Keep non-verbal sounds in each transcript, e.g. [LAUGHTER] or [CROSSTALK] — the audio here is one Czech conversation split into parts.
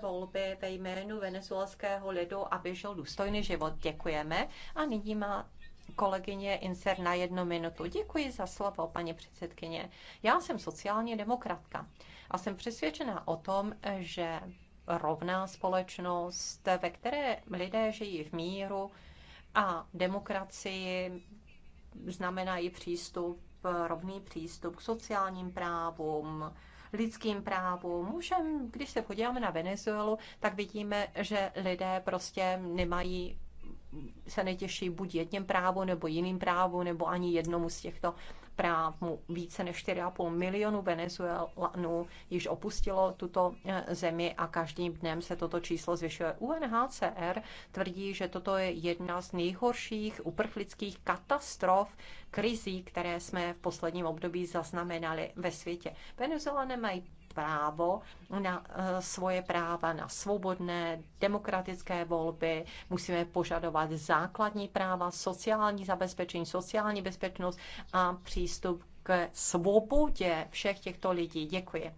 volby ve jménu venezuelského lidu, aby žil důstojný život. Děkujeme. A nyní má kolegyně Inser na jednu minutu. Děkuji za slovo, paní předsedkyně. Já jsem sociální demokratka a jsem přesvědčená o tom, že rovná společnost, ve které lidé žijí v míru a demokracii, znamenají přístup, rovný přístup k sociálním právům, lidským právům. Můžem, když se podíváme na Venezuelu, tak vidíme, že lidé prostě nemají se netěší buď jedním právu nebo jiným právu nebo ani jednomu z těchto práv. Více než 4,5 milionu Venezuelanů již opustilo tuto eh, zemi a každým dnem se toto číslo zvyšuje. UNHCR tvrdí, že toto je jedna z nejhorších uprchlických katastrof, krizí, které jsme v posledním období zaznamenali ve světě. Venezuelané mají právo na eh, svoje práva, na svobodné demokratické volby, musíme požadovat základní práva, sociální zabezpečení, sociální bezpečnost a přístup k svobodě všech těchto lidí. Děkuji.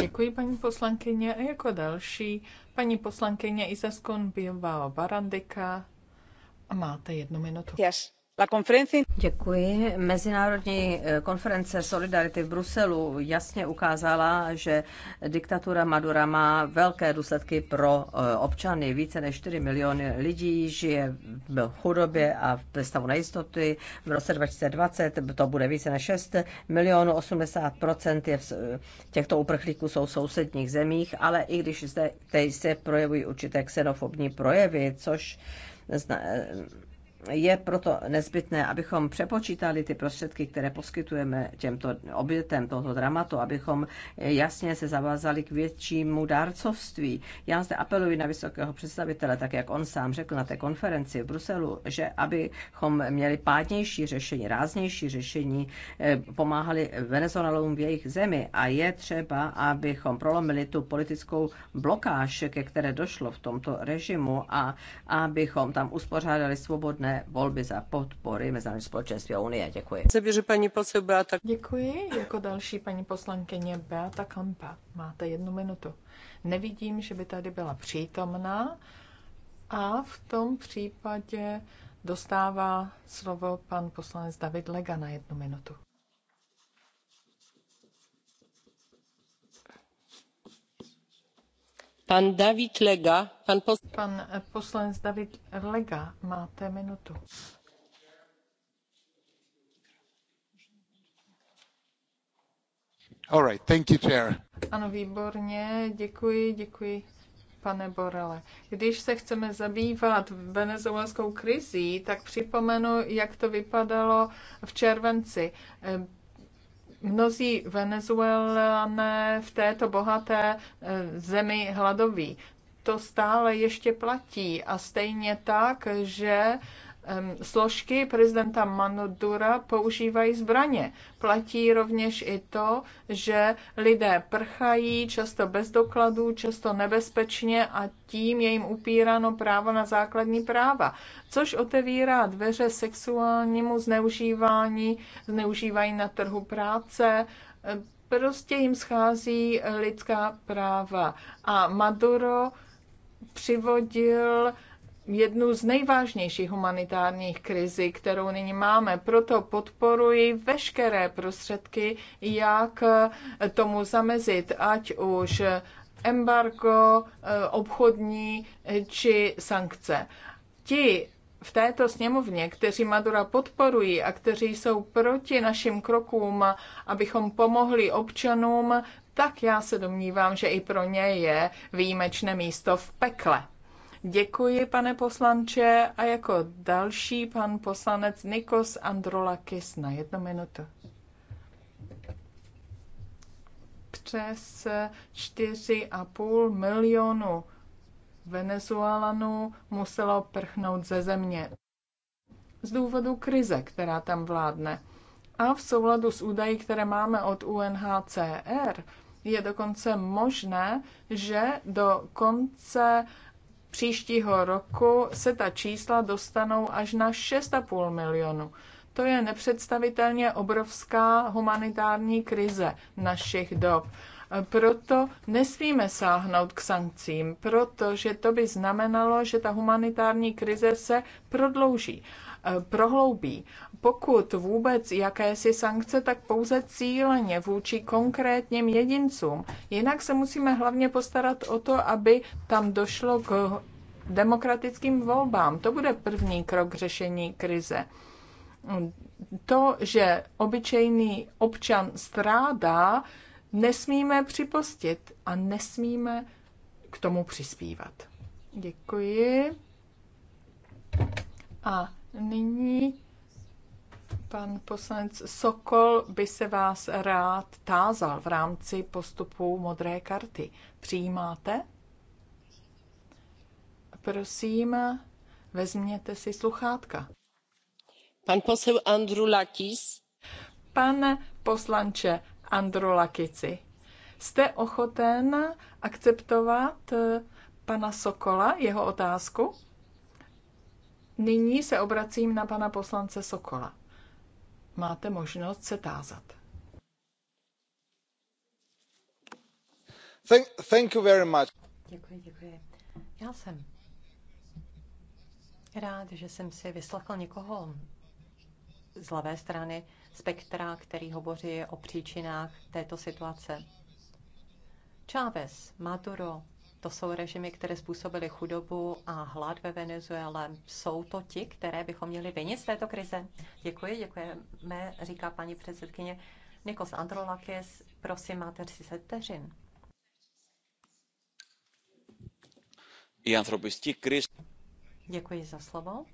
Děkuji, paní poslankyně. A jako další, paní poslankyně Izaskon Bilbao Barandika. A máte jednu minutu. Yes. Děkuji. Mezinárodní eh, konference Solidarity v Bruselu jasně ukázala, že diktatura Madura má velké důsledky pro eh, občany. Více než 4 miliony lidí žije v chudobě a v stavu nejistoty. V roce 2020 to bude více než 6 milionů. 80 je v eh, těchto uprchlíků jsou v sousedních zemích, ale i když zde se projevují určité xenofobní projevy, což je proto nezbytné, abychom přepočítali ty prostředky, které poskytujeme těmto obětem tohoto dramatu, abychom jasně se zavázali k většímu dárcovství. Já zde apeluji na vysokého představitele, tak jak on sám řekl na té konferenci v Bruselu, že abychom měli pádnější řešení, ráznější řešení, eh, pomáhali Venezuelalům v jejich zemi a je třeba, abychom prolomili tu politickou blokáž, ke které došlo v tomto režimu a abychom tam uspořádali svobodné volby za podpory Mezinárodní společenství a Unie. Děkuji. že paní posel Beata. Děkuji. Jako další paní poslankyně Beata Kampa. Máte jednu minutu. Nevidím, že by tady byla přítomná a v tom případě dostává slovo pan poslanec David Lega na jednu minutu. Pan David Lega. Pan, poslanec David Lega, All right, thank you, chair. Ano, výborně, děkuji, děkuji pane Borele. Když se chceme zabývat venezuelskou krizí, tak připomenu, jak to vypadalo v červenci. Mnozí Venezuelané v této bohaté eh, zemi hladoví. To stále ještě platí a stejně tak, že složky prezidenta Manodura používají zbraně. Platí rovněž i to, že lidé prchají často bez dokladů, často nebezpečně a tím je jim upíráno právo na základní práva, což otevírá dveře sexuálnímu zneužívání, zneužívají na trhu práce, prostě jim schází lidská práva. A Maduro přivodil jednu z nejvážnějších humanitárních krizí, kterou nyní máme. Proto podporuji veškeré prostředky, jak eh, tomu zamezit, ať už embargo, eh, obchodní eh, či sankce. Ti v této sněmovně, kteří Madura podporují a kteří jsou proti našim krokům, abychom pomohli občanům, tak já se domnívám, že i pro ně je výjimečné místo v pekle. Děkuji, pane poslanče. A jako další pan poslanec Nikos Androlakis na jednu minutu. Přes 4,5 milionu Venezuelanů muselo prchnout ze země z důvodu krize, která tam vládne. A v souladu s údaji, které máme od UNHCR, je dokonce možné, že do konce příštího roku se ta čísla dostanou až na 6,5 milionu. To je nepředstavitelně obrovská humanitární krize našich dob. Proto nesmíme sáhnout k sankcím, protože to by znamenalo, že ta humanitární krize se prodlouží. Eh, prohloubí. Pokud vůbec jakési sankce, tak pouze cíleně vůči konkrétním jedincům. Jinak se musíme hlavně postarat o to, aby tam došlo k demokratickým volbám. To bude první krok k řešení krize. To, že obyčejný občan strádá, nesmíme připustit a nesmíme k tomu přispívat. Děkuji. A Nyní pan poslanec Sokol by se vás rád tázal v rámci postupu modré karty. Přijímáte? Prosím, vezměte si sluchátka. Pan posel Lakis. Pane poslanče Lakici, jste ochoten akceptovat eh, pana Sokola, jeho otázku? Nyní se obracím na pana poslance Sokola. Máte možnost se tázat. Thank, thank you very much. Děkuji, děkuji. Já jsem rád, že jsem si vyslechl někoho z levé strany spektra, který hovoří o příčinách této situace. Chávez, Maduro, to jsou režimy, které způsobily chudobu a hlad ve Venezuele. Jsou to ti, které bychom měli vinit z této krize? Děkuji, děkujeme, říká paní předsedkyně. Nikos Androlakis, prosím, máte 30 teřin. Děkuji za slovo.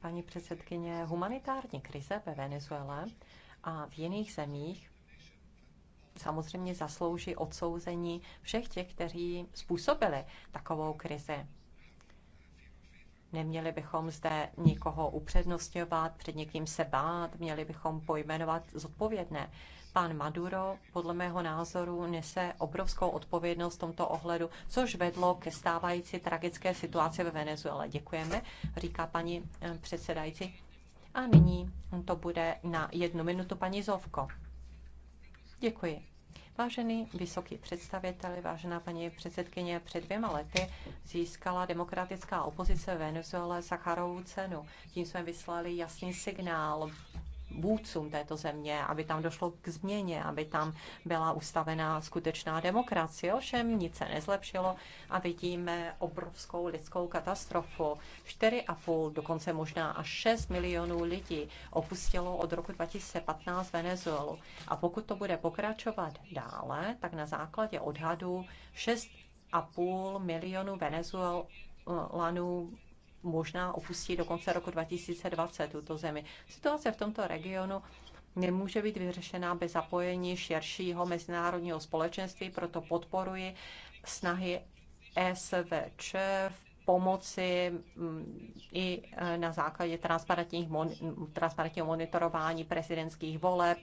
Paní předsedkyně, humanitární krize ve Venezuele a v jiných zemích samozřejmě zaslouží odsouzení všech těch, kteří způsobili takovou krizi. Neměli bychom zde nikoho upřednostňovat, před někým se bát, měli bychom pojmenovat zodpovědné. Pan Maduro, podle mého názoru, nese obrovskou odpovědnost v tomto ohledu, což vedlo ke stávající tragické situaci ve Venezuele. Děkujeme, říká paní eh, předsedající. A nyní to bude na jednu minutu paní Zovko. Děkuji. Vážený vysoký představitel, vážená paní předsedkyně, před dvěma lety získala demokratická opozice Venezuele Sacharovou cenu. Tím jsme vyslali jasný signál vůdcům této země, aby tam došlo k změně, aby tam byla ustavená skutečná demokracie. Ovšem nic se nezlepšilo a vidíme obrovskou lidskou katastrofu. 4,5, dokonce možná až 6 milionů lidí opustilo od roku 2015 Venezuelu. A pokud to bude pokračovat dále, tak na základě odhadu půl milionu Venezuelanů možná opustí do konce roku 2020 tuto zemi. Situace v tomto regionu nemůže být vyřešena bez zapojení širšího mezinárodního společenství, proto podporuji snahy SVČ v pomoci mm, i e, na základě transparentních, transparentního monitorování prezidentských voleb,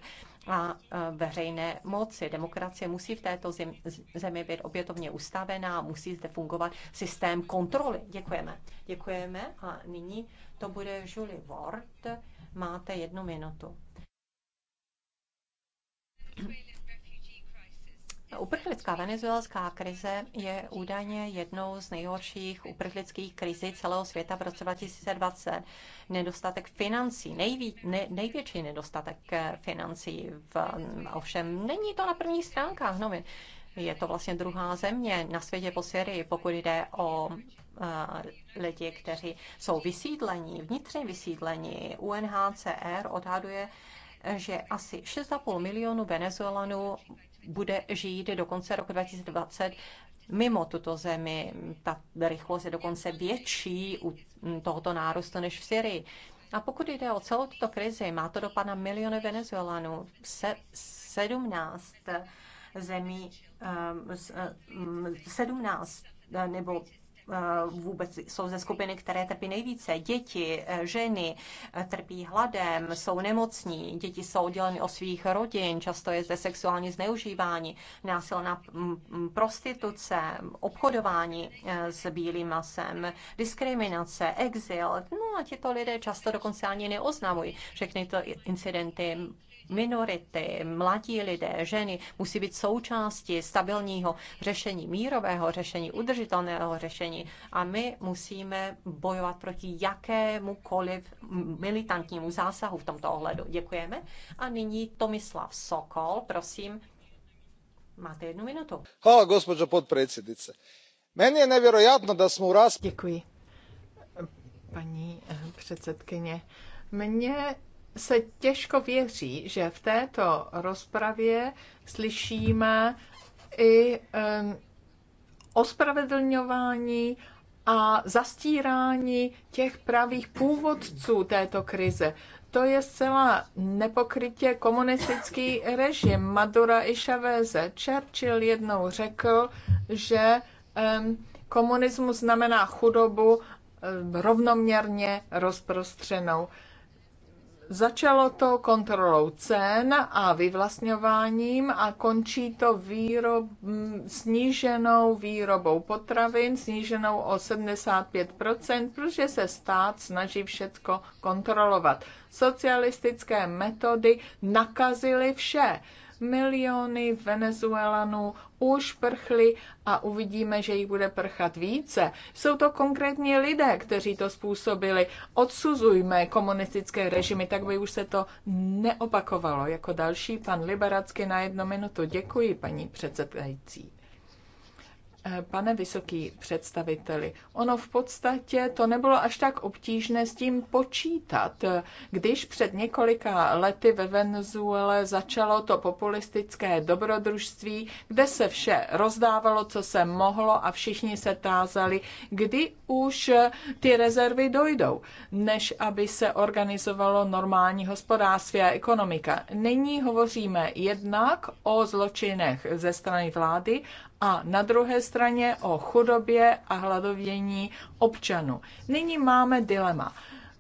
a veřejné moci. Demokracie musí v této zemi být opětovně ustavená, musí zde fungovat systém kontroly. Děkujeme. Děkujeme a nyní to bude Julie Ward. Máte jednu minutu. Uprchlická venezuelská krize je údajně jednou z nejhorších uprchlických krizí celého světa v roce 2020. Nedostatek financí, nejví, ne, největší nedostatek eh, financí, v, ovšem není to na prvních stránkách novin. Je to vlastně druhá země na světě po Syrii, pokud jde o eh, lidi, kteří jsou vysídlení, vnitřně vysídlení. UNHCR odhaduje, že asi 6,5 milionu Venezuelanů bude žít do konce roku 2020 mimo tuto zemi. Ta rychlost je dokonce větší u tohoto nárůstu než v Syrii. A pokud jde o celou tuto krizi, má to dopad na miliony Venezuelanů. Se, 17 zemí, 17 eh, eh, nebo Eh, vůbec jsou ze skupiny, které trpí nejvíce. Děti, eh, ženy eh, trpí hladem, jsou nemocní, děti jsou odděleny od svých rodin, často je zde sexuální zneužívání, násilná mm, mm, prostituce, obchodování s bílým masem, diskriminace, exil. No a tito lidé často dokonce ani neoznamují všechny ty incidenty minority, mladí lidé, ženy musí být součástí stabilního řešení, mírového řešení, udržitelného řešení a my musíme bojovat proti jakémukoliv militantnímu zásahu v tomto ohledu. Děkujeme. A nyní Tomislav Sokol, prosím. Máte jednu minutu. Hvala, gospođo podpredsednice. Meni je nevěrojatno, da jsme u raspravi... Děkuji, paní předsedkyně. Mně se těžko věří, že v této rozpravě slyšíme i um, ospravedlňování a zastírání těch pravých původců této krize. To je zcela nepokrytě komunistický režim Madura i Chaveze. Churchill jednou řekl, že um, komunismus znamená chudobu um, rovnoměrně rozprostřenou. Začalo to kontrolou cen a vyvlastňováním a končí to výrob, sníženou výrobou potravin, sníženou o 75%, protože se stát snaží všecko kontrolovat. Socialistické metody nakazily vše. Miliony Venezuelanů už prchly a uvidíme, že jich bude prchat více. Jsou to konkrétní lidé, kteří to způsobili. Odsuzujme komunistické režimy, tak by už se to neopakovalo. Jako další pan Liberacky na jednu minutu. Děkuji, paní předsedající. Pane vysoký představiteli, ono v podstatě to nebylo až tak obtížné s tím počítat. Když před několika lety ve Venezuele začalo to populistické dobrodružství, kde se vše rozdávalo, co se mohlo a všichni se tázali, kdy už ty rezervy dojdou, než aby se organizovalo normální hospodářství a ekonomika. Nyní hovoříme jednak o zločinech ze strany vlády a na druhé straně o chudobě a hladovění občanů. Nyní máme dilema.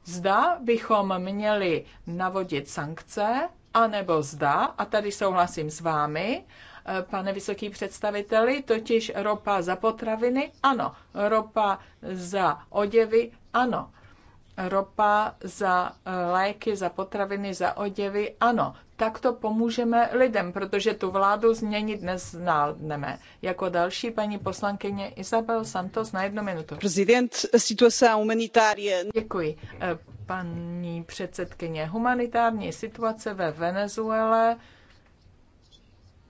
Zda bychom měli navodit sankce, anebo zda, a tady souhlasím s vámi, eh, pane vysoký představiteli, totiž ropa za potraviny, ano, ropa za oděvy, ano, ropa za eh, léky, za potraviny, za oděvy, ano. Tak to pomůžeme lidem, protože tu vládu změnit neználneme. Jako další paní poslankyně Isabel Santos na jednu minutu. Prezident, situace humanitárie. Děkuji. Eh, paní předsedkyně, humanitární situace ve Venezuele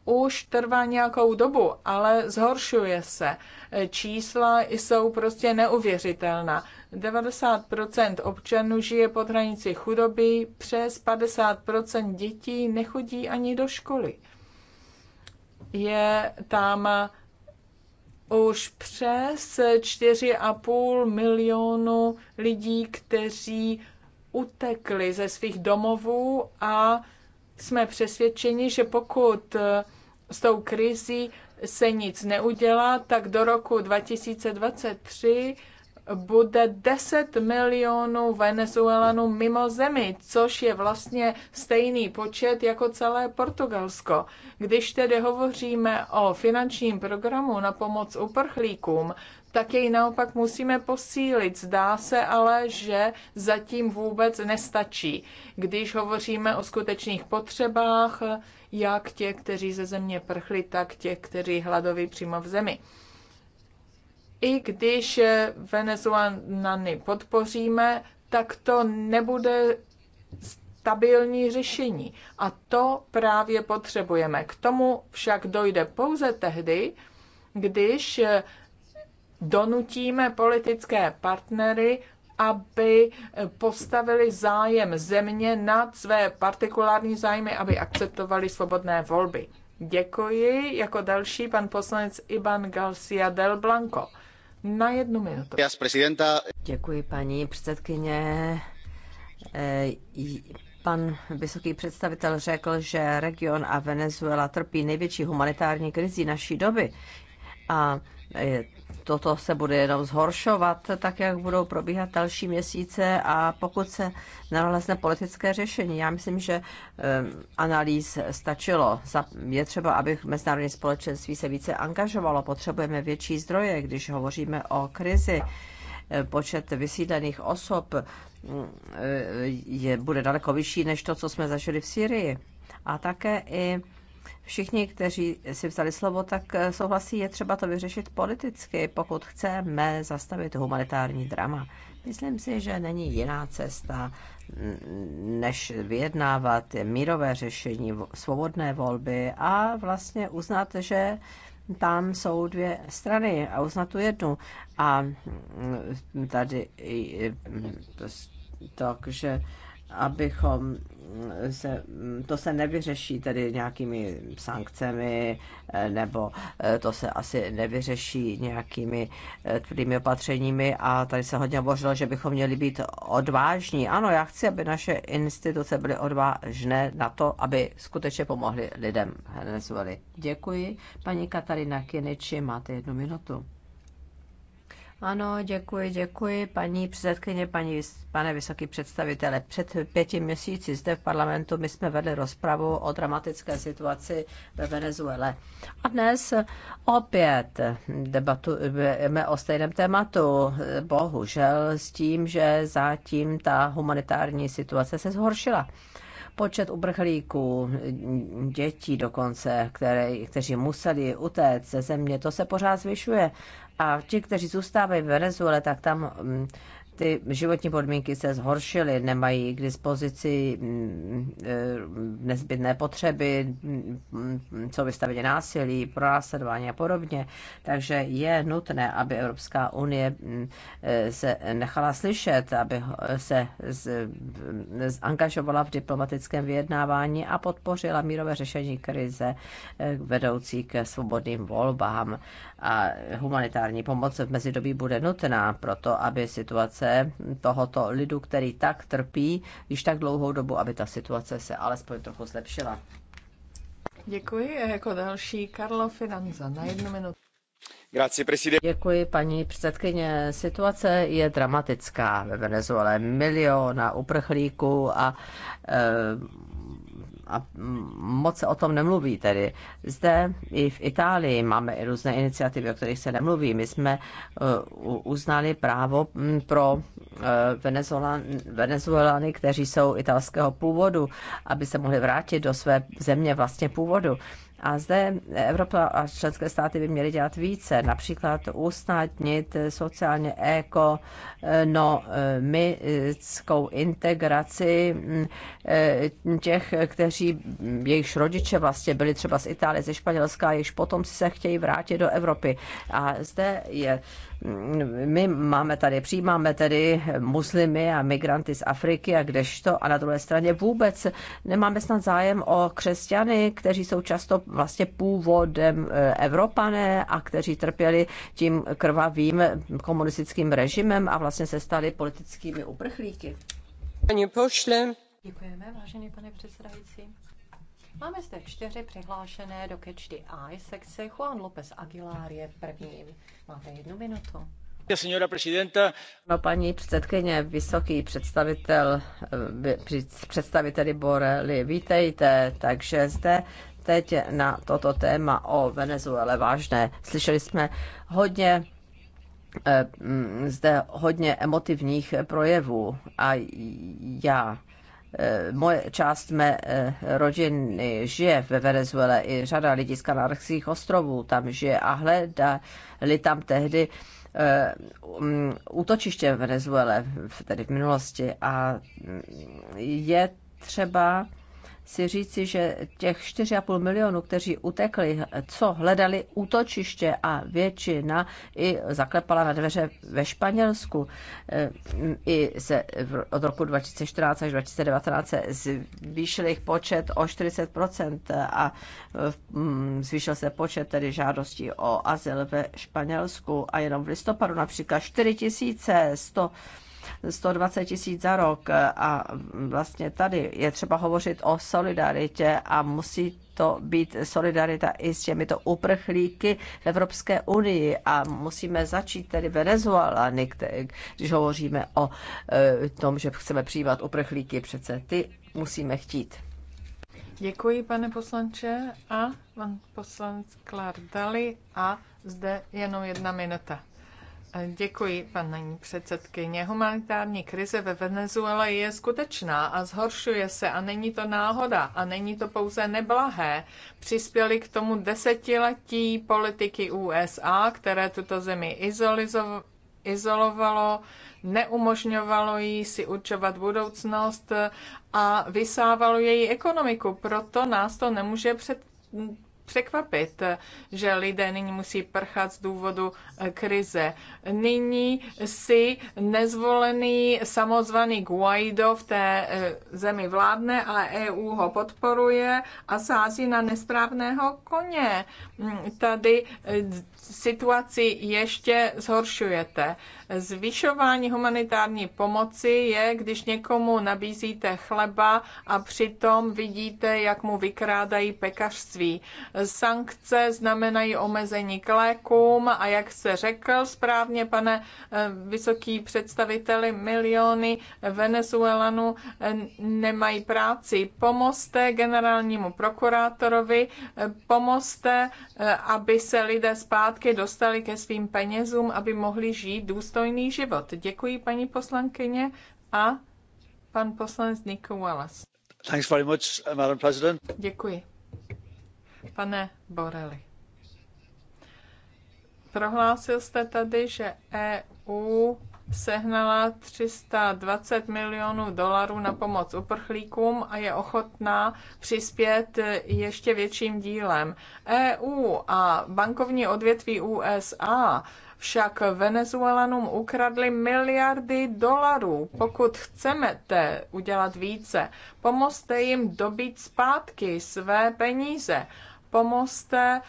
už trvá nějakou dobu, ale zhoršuje se. Eh, čísla jsou prostě neuvěřitelná. 90% občanů žije pod hranici chudoby, přes 50% dětí nechodí ani do školy. Je tam už přes 4,5 milionu lidí, kteří utekli ze svých domovů a jsme přesvědčeni, že pokud s tou krizí se nic neudělá, tak do roku 2023 bude 10 milionů Venezuelanů mimo zemi, což je vlastně stejný počet jako celé Portugalsko. Když tedy hovoříme o finančním programu na pomoc uprchlíkům, tak jej naopak musíme posílit. Zdá se ale, že zatím vůbec nestačí. Když hovoříme o skutečných potřebách, jak těch, kteří ze země prchli, tak těch, kteří hladoví přímo v zemi i když Venezuelany podpoříme, tak to nebude stabilní řešení. A to právě potřebujeme. K tomu však dojde pouze tehdy, když donutíme politické partnery, aby postavili zájem země nad své partikulární zájmy, aby akceptovali svobodné volby. Děkuji. Jako další pan poslanec Iban Garcia del Blanco na jednu minutu. Děkuji, paní předsedkyně. Eh, pan vysoký představitel řekl, že region a Venezuela trpí největší humanitární krizí naší doby. A eh, toto se bude jenom zhoršovat, tak jak budou probíhat další měsíce a pokud se nalezne politické řešení. Já myslím, že analýz stačilo. Je třeba, aby mezinárodní společenství se více angažovalo. Potřebujeme větší zdroje, když hovoříme o krizi e, počet vysídlených osob e, je, bude daleko vyšší než to, co jsme zažili v Syrii. A také i všichni, kteří si vzali slovo, tak eh, souhlasí, je třeba to vyřešit politicky, pokud chceme zastavit humanitární drama. Myslím si, že není jiná cesta, než vyjednávat mírové řešení, svobodné volby a vlastně uznat, že tam jsou dvě strany a uznat tu jednu. A mm, tady mm, takže abychom se, to se nevyřeší tedy nějakými sankcemi, eh, nebo eh, to se asi nevyřeší nějakými eh, tvrdými opatřeními a tady se hodně hovořilo, že bychom měli být odvážní. Ano, já chci, aby naše instituce byly odvážné na to, aby skutečně pomohly lidem Děkuji. Paní Katarina Kiniči, máte jednu minutu. Ano, děkuji, děkuji, paní předsedkyně, paní, pane vysoký představitele. Před pěti měsíci zde v parlamentu my jsme vedli rozpravu o dramatické situaci ve Venezuele. A dnes opět debatujeme o stejném tématu, bohužel s tím, že zatím ta humanitární situace se zhoršila počet uprchlíků, dětí dokonce, které, kteří museli utéct ze země, to se pořád zvyšuje. A ti, kteří zůstávají v Venezuele, tak tam mm, ty životní podmínky se zhoršily, nemají k dispozici mm, eh, nezbytné potřeby, mm, co vystaveni násilí, pronásledování a podobně. Takže je nutné, aby Evropská unie mm, eh, se nechala slyšet, aby se zangažovala v diplomatickém vyjednávání a podpořila mírové řešení krize eh, vedoucí ke svobodným volbám. A humanitární pomoc v mezidobí bude nutná proto, aby situace situace tohoto lidu, který tak trpí již tak dlouhou dobu, aby ta situace se alespoň trochu zlepšila. Děkuji. A jako další Karlo Finanza na jednu minutu. Děkuji, paní předsedkyně. Situace je dramatická ve Venezuele. Miliona uprchlíků a e, a moc se o tom nemluví tedy. Zde i v Itálii máme i různé iniciativy, o kterých se nemluví. My jsme eh, uznali právo hm, pro eh, Venezuelany, kteří jsou italského původu, aby se mohli vrátit do své země vlastně původu. A zde Evropa a členské státy by měly dělat více, například usnadnit sociálně ekonomickou integraci mm, těch, kteří, jejichž rodiče vlastně byli třeba z Itálie, ze Španělska, jejichž potom si se chtějí vrátit do Evropy. A zde je my máme tady, přijímáme tedy muslimy a migranty z Afriky a kdežto a na druhé straně vůbec nemáme snad zájem o křesťany, kteří jsou často vlastně původem eh, Evropané a kteří trpěli tím krvavým komunistickým režimem a vlastně se stali politickými uprchlíky. Pani pošle. Děkujeme, vážený pane předsedající. Máme zde čtyři přihlášené do Catch the Eye sekce. Juan López Aguilar je prvním. Máte jednu minutu. No, paní předsedkyně, vysoký představitel, eh, představiteli Borely, vítejte. Takže zde teď na toto téma o Venezuele vážné. Slyšeli jsme hodně eh, zde hodně emotivních projevů a já Eh, moje část mé eh, rodiny žije ve Venezuele i řada lidí z Kanárských ostrovů tam žije a hledali tam tehdy eh, um, útočiště v Venezuele, tedy v minulosti. A mm, je třeba si říci, že těch 4,5 milionů, kteří utekli, co hledali útočiště a většina i zaklepala na dveře ve Španělsku. E, I se od roku 2014 až 2019 se zvýšil jejich počet o 40% a mm, zvýšil se počet tedy žádostí o azyl ve Španělsku a jenom v listopadu například 4100 120 tisíc za rok a vlastně tady je třeba hovořit o solidaritě a musí to být solidarita i s těmito uprchlíky v Evropské unii a musíme začít tedy Venezuelany, když hovoříme o e, tom, že chceme přijímat uprchlíky, přece ty musíme chtít. Děkuji, pane poslanče. A pan poslanec Klár Dali. A zde jenom jedna minuta. Děkuji, paní předsedkyně. Humanitární krize ve Venezuele je skutečná a zhoršuje se a není to náhoda a není to pouze neblahé. Přispěli k tomu desetiletí politiky USA, které tuto zemi izolovalo, neumožňovalo jí si určovat budoucnost a vysávalo její ekonomiku. Proto nás to nemůže před překvapit, že lidé nyní musí prchat z důvodu eh, krize. Nyní si nezvolený samozvaný Guaido v té eh, zemi vládne, ale EU ho podporuje a sází na nesprávného koně. Mm, tady eh, situaci ještě zhoršujete. Zvyšování humanitární pomoci je, když někomu nabízíte chleba a přitom vidíte, jak mu vykrádají pekařství. Sankce znamenají omezení k lékům a jak se řekl správně, pane eh, vysoký představiteli, miliony Venezuelanů eh, nemají práci. Pomozte generálnímu prokurátorovi, eh, pomozte, aby se lidé zpátky dostali ke svým penězům, aby mohli žít důstojně důstojný život. Děkuji, paní poslankyně, a pan poslanec Nico Wallace. Thanks very much, uh, Madam President. Děkuji. Pane Borelli, prohlásil jste tady, že EU sehnala 320 milionů dolarů na pomoc uprchlíkům a je ochotná přispět ještě větším dílem. EU a bankovní odvětví USA však Venezuelanům ukradli miliardy dolarů. Pokud chcete udělat více, pomozte jim dobít zpátky své peníze. Pomozte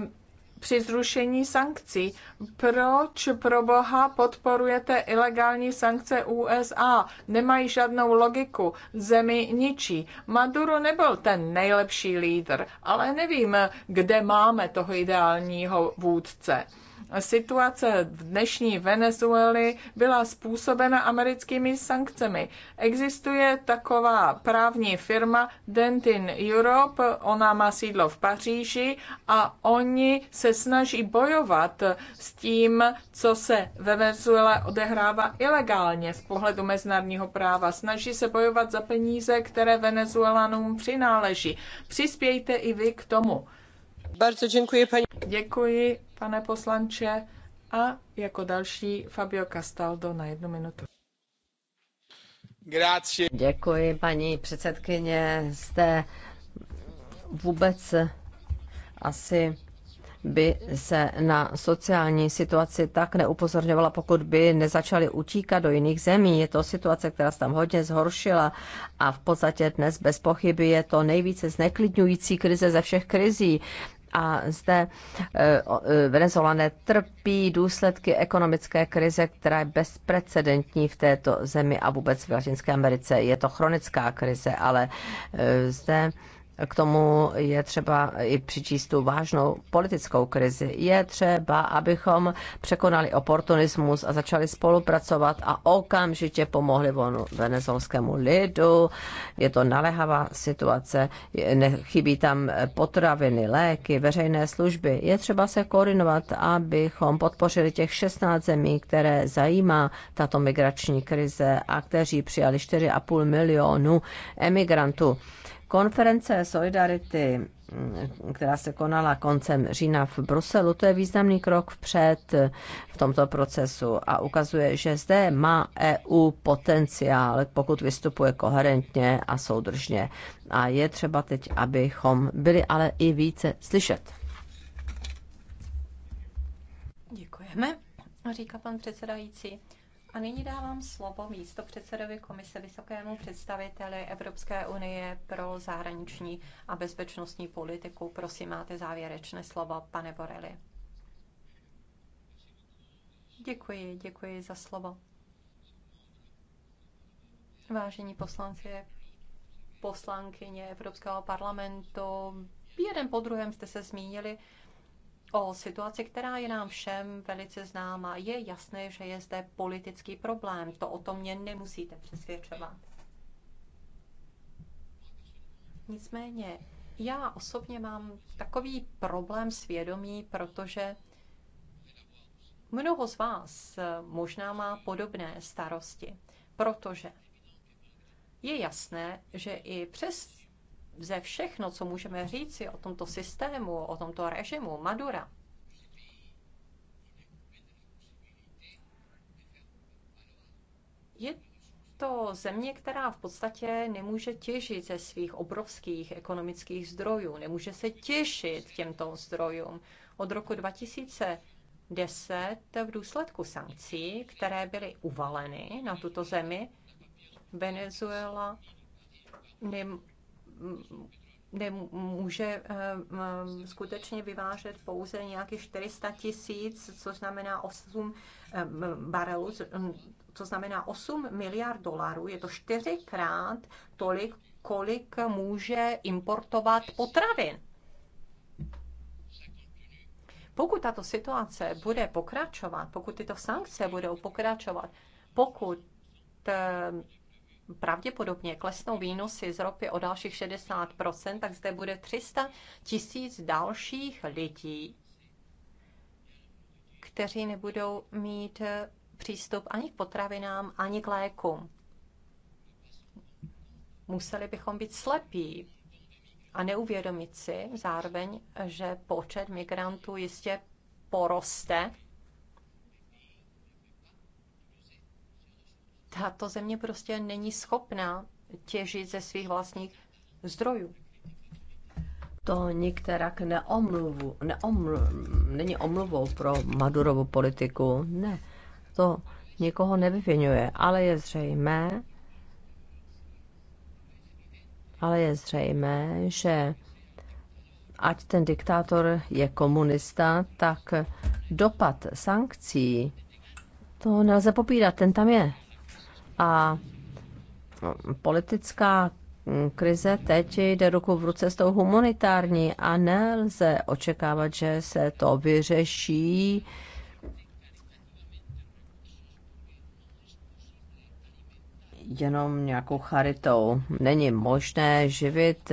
um, při zrušení sankcí. Proč pro boha podporujete ilegální sankce USA? Nemají žádnou logiku. Zemi ničí. Maduro nebyl ten nejlepší lídr, ale nevím, kde máme toho ideálního vůdce. Situace v dnešní Venezueli byla způsobena americkými sankcemi. Existuje taková právní firma Dentin Europe, ona má sídlo v Paříži a oni se snaží bojovat s tím, co se ve Venezuele odehrává ilegálně z pohledu mezinárodního práva. Snaží se bojovat za peníze, které Venezuelanům přináleží. Přispějte i vy k tomu. dziękuję pani. Děkuji pane poslanče. A jako další Fabio Castaldo na jednu minutu. Grazie. Děkuji, paní předsedkyně. Jste vůbec asi by se na sociální situaci tak neupozorňovala, pokud by nezačali utíkat do jiných zemí. Je to situace, která se tam hodně zhoršila a v podstatě dnes bez pochyby je to nejvíce zneklidňující krize ze všech krizí. A zde eh, eh, Venezolané trpí důsledky ekonomické krize, která je bezprecedentní v této zemi a vůbec v Latinské Americe. Je to chronická krize, ale eh, zde k tomu je třeba i přičíst tu vážnou politickou krizi. Je třeba, abychom překonali oportunismus a začali spolupracovat a okamžitě pomohli vonu venezolskému lidu. Je to nalehavá situace, chybí tam potraviny, léky, veřejné služby. Je třeba se koordinovat, abychom podpořili těch 16 zemí, které zajímá tato migrační krize a kteří přijali 4,5 milionu emigrantů. Konference Solidarity, která se konala koncem října v Bruselu, to je významný krok vpřed v tomto procesu a ukazuje, že zde má EU potenciál, pokud vystupuje koherentně a soudržně. A je třeba teď, abychom byli ale i více slyšet. Děkujeme, říká pan předsedající. A nyní dávám slovo místo předsedovi Komise Vysokému představiteli Evropské unie pro zahraniční a bezpečnostní politiku. Prosím, máte závěrečné slovo, pane Borelli. Děkuji, děkuji za slovo. Vážení poslanci, poslankyně Evropského parlamentu, jeden po druhém jste se zmínili o situaci, která je nám všem velice známa. Je jasné, že je zde politický problém. To o tom mě nemusíte přesvědčovat. Nicméně, já osobně mám takový problém svědomí, protože mnoho z vás možná má podobné starosti, protože je jasné, že i přes ze všechno, co můžeme říci o tomto systému, o tomto režimu Madura, je to země, která v podstatě nemůže těžit ze svých obrovských ekonomických zdrojů, nemůže se těšit těmto zdrojům. Od roku 2010 v důsledku sankcí, které byly uvaleny na tuto zemi, Venezuela kde může eh, skutečně vyvážet pouze nějakých 400 tisíc, co znamená 8 eh, barelů, co znamená 8 miliard dolarů. Je to čtyřikrát tolik, kolik může importovat potravin. Pokud tato situace bude pokračovat, pokud tyto sankce budou pokračovat, pokud eh, pravděpodobně klesnou výnosy z ropy o dalších 60%, tak zde bude 300 tisíc dalších lidí, kteří nebudou mít eh, přístup ani k potravinám, ani k lékům. Museli bychom být slepí a neuvědomit si zároveň, že počet migrantů jistě poroste Tato země prostě není schopná těžit ze svých vlastních zdrojů. To nikterak neomluvu, neomlu, není omluvou pro Madurovu politiku, ne. To nikoho nevyvinuje, ale je zřejmé, ale je zřejmé, že ať ten diktátor je komunista, tak dopad sankcí, to nelze popírat, ten tam je. A politická krize teď jde ruku v ruce s tou humanitární a nelze očekávat, že se to vyřeší jenom nějakou charitou. Není možné živit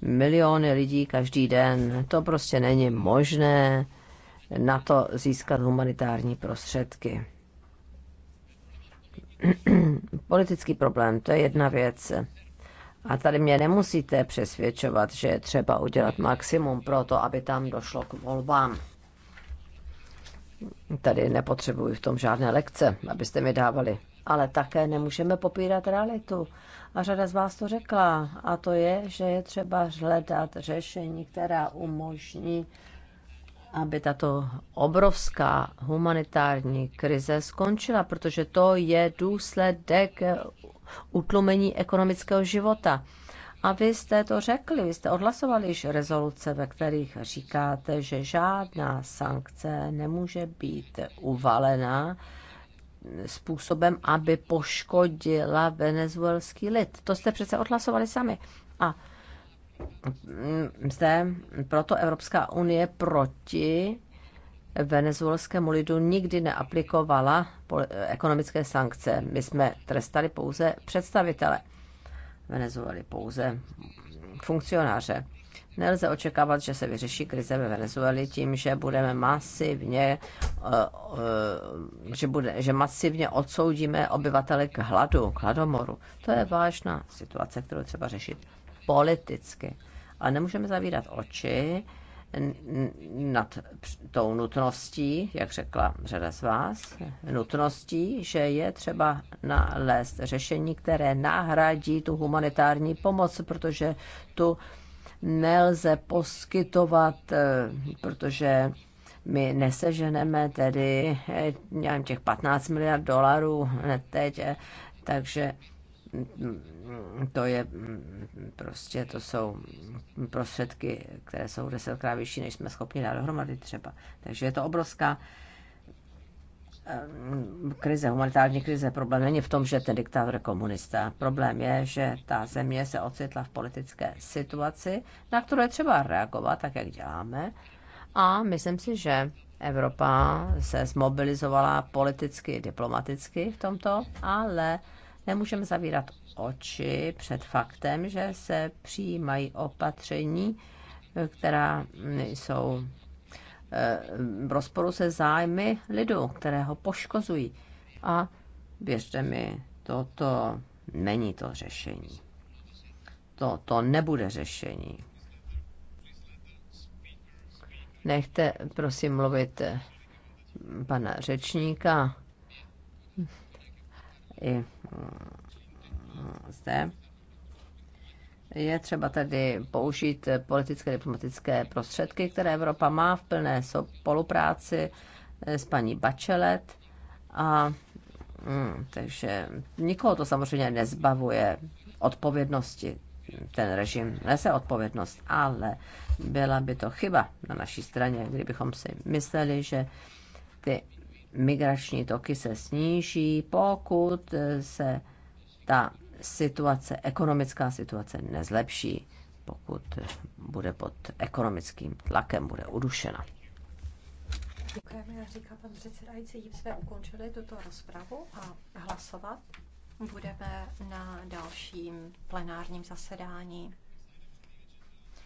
miliony lidí každý den. To prostě není možné na to získat humanitární prostředky. [CLEARS THROAT] Politický problém, to je jedna věc. A tady mě nemusíte přesvědčovat, že je třeba udělat maximum pro to, aby tam došlo k volbám. Tady nepotřebuji v tom žádné lekce, abyste mi dávali. Ale také nemůžeme popírat realitu. A řada z vás to řekla. A to je, že je třeba hledat řešení, která umožní aby tato obrovská humanitární krize skončila, protože to je důsledek utlumení ekonomického života. A vy jste to řekli, vy jste odhlasovali již rezoluce, ve kterých říkáte, že žádná sankce nemůže být uvalena způsobem, aby poškodila venezuelský lid. To jste přece odhlasovali sami. A zde proto Evropská unie proti venezuelskému lidu nikdy neaplikovala ekonomické sankce. My jsme trestali pouze představitele Venezuely, pouze funkcionáře. Nelze očekávat, že se vyřeší krize ve Venezueli tím, že budeme masivně, eh, eh, že, bude, že masivně odsoudíme obyvatele k hladu, k hladomoru. To je vážná situace, kterou třeba řešit politicky. A nemůžeme zavírat oči nad tou nutností, jak řekla řada z vás, nutností, že je třeba nalézt řešení, které nahradí tu humanitární pomoc, protože tu nelze poskytovat, eh, protože my neseženeme tedy eh, těch 15 miliard dolarů hned teď, eh, takže to je prostě, to jsou prostředky, které jsou desetkrát vyšší, než jsme schopni dát dohromady třeba. Takže je to obrovská eh, krize, humanitární krize. Problém není v tom, že ten diktátor je komunista. Problém je, že ta země se ocitla v politické situaci, na kterou je třeba reagovat, tak jak děláme. A myslím si, že Evropa se zmobilizovala politicky, diplomaticky v tomto, ale Nemůžeme zavírat oči před faktem, že se přijímají opatření, která jsou eh, v rozporu se zájmy lidu, které ho poškozují. A věřte mi, toto není to řešení. To, to nebude řešení. Nechte, prosím, mluvit pana řečníka i mm, zde. Je třeba tedy použít politické diplomatické prostředky, které Evropa má v plné spolupráci eh, s paní Bachelet. A, mm, takže nikoho to samozřejmě nezbavuje odpovědnosti. Ten režim nese odpovědnost, ale byla by to chyba na naší straně, kdybychom si mysleli, že ty migrační toky se sníží, pokud eh, se ta situace, ekonomická situace nezlepší, pokud eh, bude pod ekonomickým tlakem, bude udušena. Děkujeme, říká pan předsedající, tím jsme ukončili tuto rozpravu a hlasovat budeme na dalším plenárním zasedání.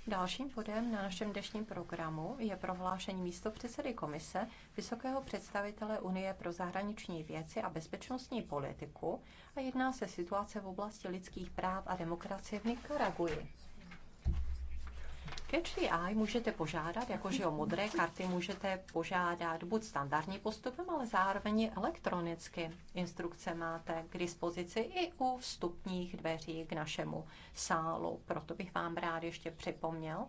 Dalším bodem na našem dnešním programu je prohlášení místopředsedy komise Vysokého představitele Unie pro zahraniční věci a bezpečnostní politiku a jedná se situace v oblasti lidských práv a demokracie v Nikaraguji. Catch the Eye můžete požádat, jakože o modré karty můžete požádat buď standardní postupem, ale zároveň elektronicky. Instrukce máte k dispozici i u vstupních dveří k našemu sálu. Proto bych vám rád ještě připomněl,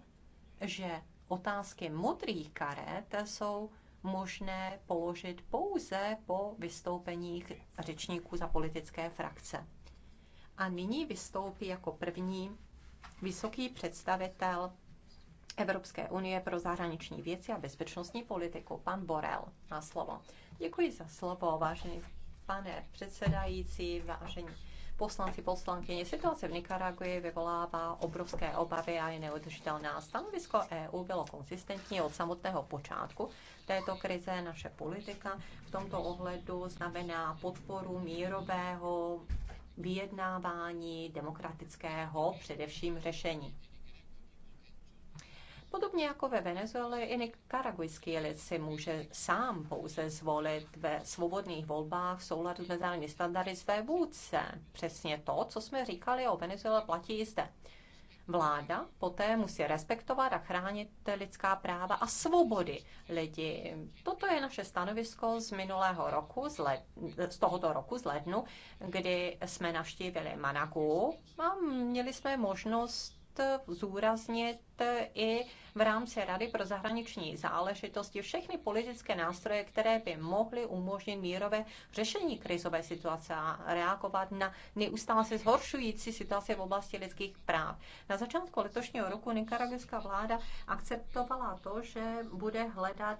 že otázky modrých karet jsou možné položit pouze po vystoupeních řečníků za politické frakce. A nyní vystoupí jako první vysoký představitel Evropské unie pro zahraniční věci a bezpečnostní politiku. Pan Borel má slovo. Děkuji za slovo, vážený pane předsedající, vážení poslanci, poslankyně. Situace v Nikaraguji vyvolává obrovské obavy a je neudržitelná. Stanovisko EU bylo konzistentní od samotného počátku této krize. Naše politika v tomto ohledu znamená podporu mírového vyjednávání demokratického především řešení. Podobně jako ve Venezuele, i nikaragujský lid si může sám pouze zvolit ve svobodných volbách souladu s mezinárodní standardy své vůdce. Přesně to, co jsme říkali o Venezuele, platí i zde. Vláda poté musí respektovat a chránit lidská práva a svobody lidí. Toto je naše stanovisko z minulého roku, z, led, z tohoto roku, z lednu, kdy jsme navštívili Manaku a měli jsme možnost zúraznit i v rámci Rady pro zahraniční záležitosti všechny politické nástroje, které by mohly umožnit mírové řešení krizové situace a reagovat na neustále se zhoršující situaci v oblasti lidských práv. Na začátku letošního roku nikaragujská vláda akceptovala to, že bude hledat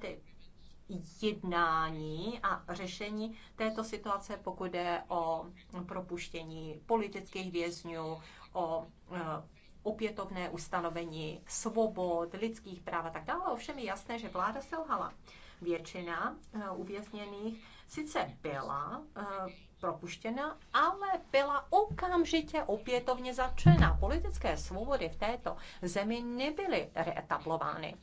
jednání a řešení této situace, pokud jde o propuštění politických vězňů, o eh, opětovné ustanovení svobod, lidských práv a tak dále. Ovšem je jasné, že vláda selhala. Většina eh, uvězněných sice byla eh, propuštěna, ale byla okamžitě opětovně začena. Politické svobody v této zemi nebyly reetablovány.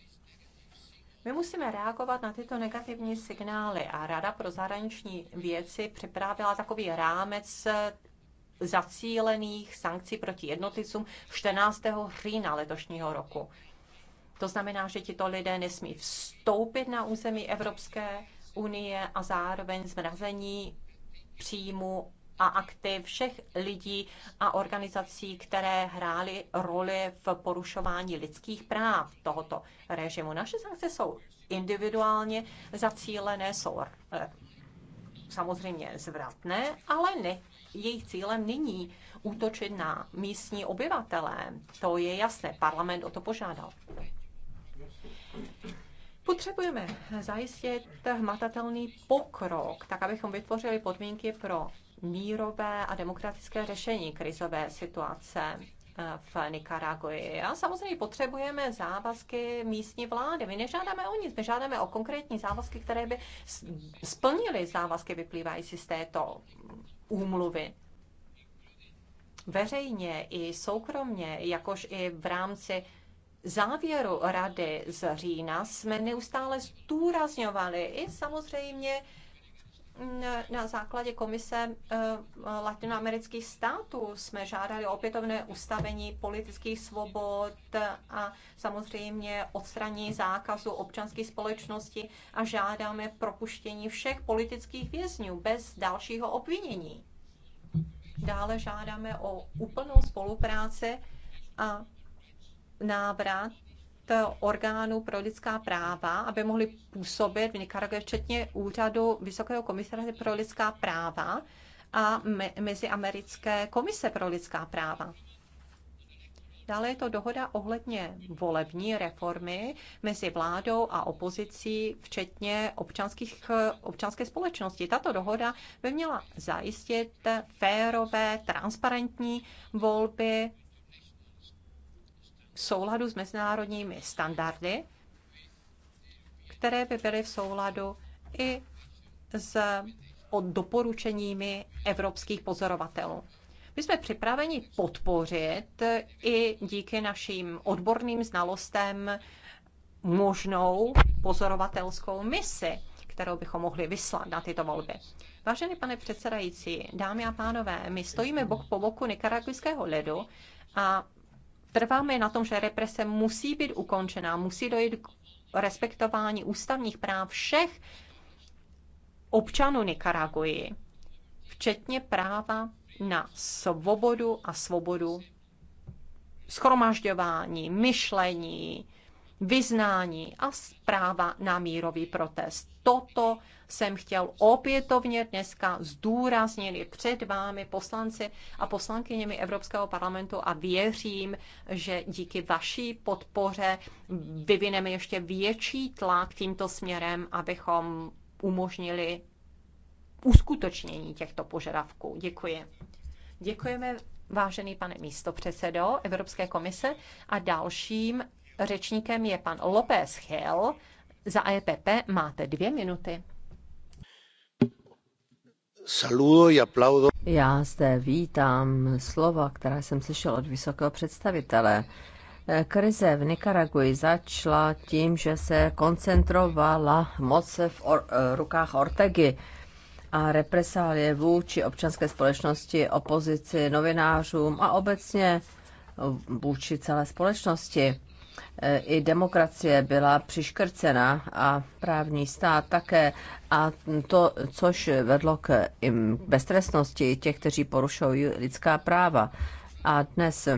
My musíme reagovat na tyto negativní signály a Rada pro zahraniční věci připravila takový rámec eh, zacílených sankcí proti jednotlivcům 14. října letošního roku. To znamená, že tito lidé nesmí vstoupit na území Evropské unie a zároveň zmrazení příjmu a aktiv všech lidí a organizací, které hrály roli v porušování lidských práv tohoto režimu. Naše sankce jsou individuálně zacílené, jsou eh, samozřejmě zvratné, ale ne, jejich cílem není útočit na místní obyvatele. To je jasné, parlament o to požádal. Potřebujeme zajistit hmatatelný pokrok, tak abychom vytvořili podmínky pro mírové a demokratické řešení krizové situace eh, v Nikaraguji. A samozřejmě potřebujeme závazky místní vlády. My nežádáme o nic, my žádáme o konkrétní závazky, které by splnily závazky vyplývající z této úmluvy. Veřejně i soukromně, jakož i v rámci závěru rady z října jsme neustále zdůrazňovali i samozřejmě na základě komise eh, latinoamerických států jsme žádali opětovné ustavení politických svobod a samozřejmě odstranění zákazu občanské společnosti a žádáme propuštění všech politických vězňů bez dalšího obvinění. Dále žádáme o úplnou spolupráci a návrat Eh, orgánů pro lidská práva, aby mohli působit v Nikaragu, včetně úřadu Vysokého komisaře pro lidská práva a me- Meziamerické komise pro lidská práva. Dále je to dohoda ohledně volební reformy mezi vládou a opozicí, včetně občanských, občanské společnosti. Tato dohoda by měla zajistit férové, transparentní volby v souladu s mezinárodními standardy, které by byly v souladu i s doporučeními evropských pozorovatelů. My jsme připraveni podpořit i díky našim odborným znalostem možnou pozorovatelskou misi, kterou bychom mohli vyslat na tyto volby. Vážený pane předsedající, dámy a pánové, my stojíme bok po boku nikaragujského lidu a trváme na tom, že represe musí být ukončená, musí dojít k respektování ústavních práv všech občanů Nikaraguji, včetně práva na svobodu a svobodu schromažďování, myšlení, vyznání a zpráva na mírový protest. Toto jsem chtěl opětovně dneska zdůraznit před vámi poslanci a poslankyněmi Evropského parlamentu a věřím, že díky vaší podpoře vyvineme ještě větší tlak tímto směrem, abychom umožnili uskutečnění těchto požadavků. Děkuji. Děkujeme vážený pane místopředsedo Evropské komise a dalším řečníkem je pan López Chel. Za EPP máte dvě minuty. Saludo aplaudo. Já zde vítám slova, která jsem slyšel od vysokého představitele. Krize v Nikaraguji začala tím, že se koncentrovala moc v or- eh, rukách Ortegy a represálie vůči občanské společnosti, opozici, novinářům a obecně vůči celé společnosti i demokracie byla přiškrcena a právní stát také, a to, což vedlo k beztrestnosti těch, kteří porušují lidská práva. A dnes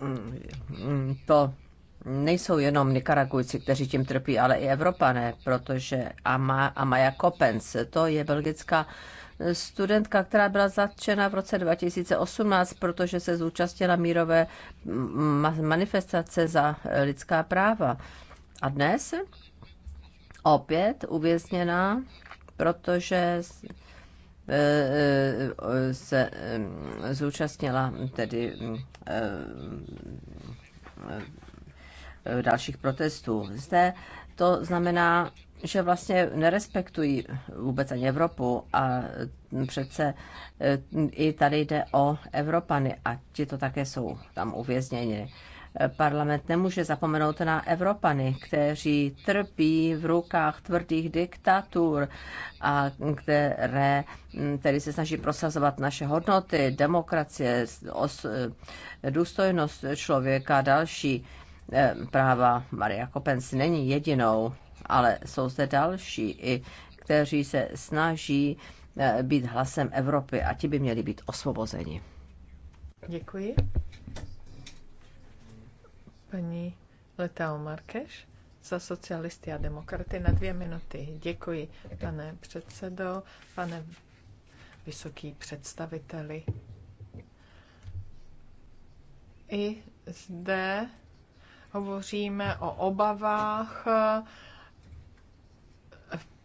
mm, to nejsou jenom Nikaragujci, kteří tím trpí, ale i Evropané, protože a Amaya Kopens, to je belgická studentka, která byla zatčena v roce 2018, protože se zúčastnila mírové manifestace za lidská práva. A dnes opět uvězněná, protože e, e, se e, zúčastnila tedy dalších protestů. Zde to znamená, že vlastně nerespektují vůbec ani Evropu a přece e, i tady jde o Evropany a ti to také jsou tam uvězněni. Parlament nemůže zapomenout na Evropany, kteří trpí v rukách tvrdých diktatur a které tedy se snaží prosazovat naše hodnoty, demokracie, os, e, důstojnost člověka a další e, práva. Maria Kopens není jedinou ale jsou zde další i, kteří se snaží eh, být hlasem Evropy a ti by měli být osvobozeni. Děkuji. Paní Letao Markeš za socialisty a demokraty na dvě minuty. Děkuji, pane předsedo, pane vysoký představiteli. I zde hovoříme o obavách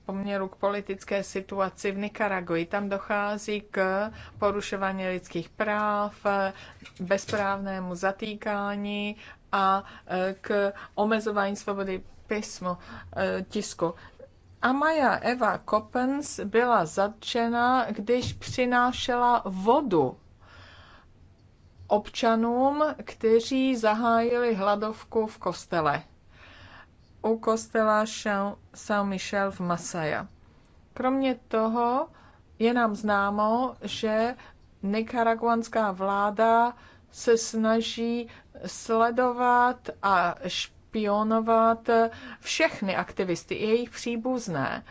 poměru k politické situaci v Nikaraguji. Tam dochází k porušování lidských práv, bezprávnému zatýkání a e, k omezování svobody písmu, e, tisku. Amaya Eva Coppens byla zatčena, když přinášela vodu občanům, kteří zahájili hladovku v kostele u kostela Saint-Michel v Masaja. Kromě toho je nám známo, že nikaraguanská vláda se snaží sledovat a špionovat všechny aktivisty, jejich příbuzné.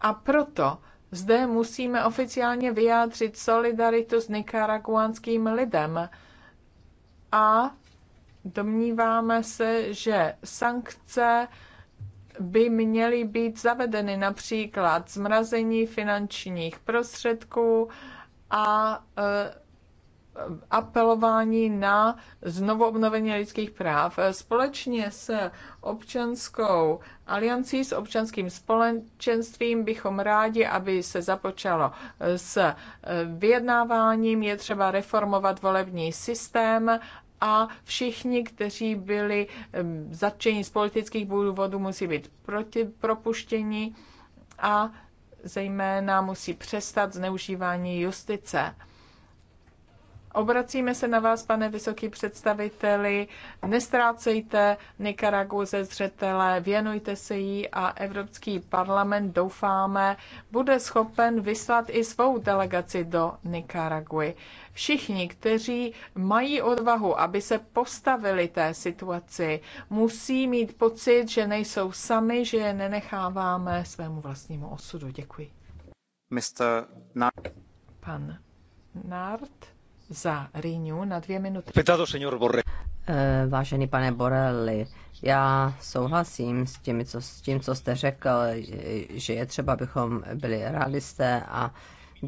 A proto zde musíme oficiálně vyjádřit solidaritu s nikaraguanským lidem a Domníváme se, že sankce by měly být zavedeny například zmrazení finančních prostředků a eh, apelování na znovu obnovení lidských práv. Společně s občanskou aliancí, s občanským společenstvím bychom rádi, aby se započalo s eh, vyjednáváním. Je třeba reformovat volební systém a všichni, kteří byli zatčeni z politických důvodů, musí být proti propuštěni a zejména musí přestat zneužívání justice. Obracíme se na vás, pane vysoký představiteli. Nestrácejte Nikaragu ze zřetele, věnujte se jí a Evropský parlament, doufáme, bude schopen vyslat i svou delegaci do Nikaraguy. Všichni, kteří mají odvahu, aby se postavili té situaci, musí mít pocit, že nejsou sami, že je nenecháváme svému vlastnímu osudu. Děkuji. Mr. Nart. Pan Nart za Rýňu na dvě minuty. Petado, señor Borre. Eh, vážený pane Borelli, já souhlasím s tím, co, s tím, co jste řekl, že je třeba, abychom byli realisté a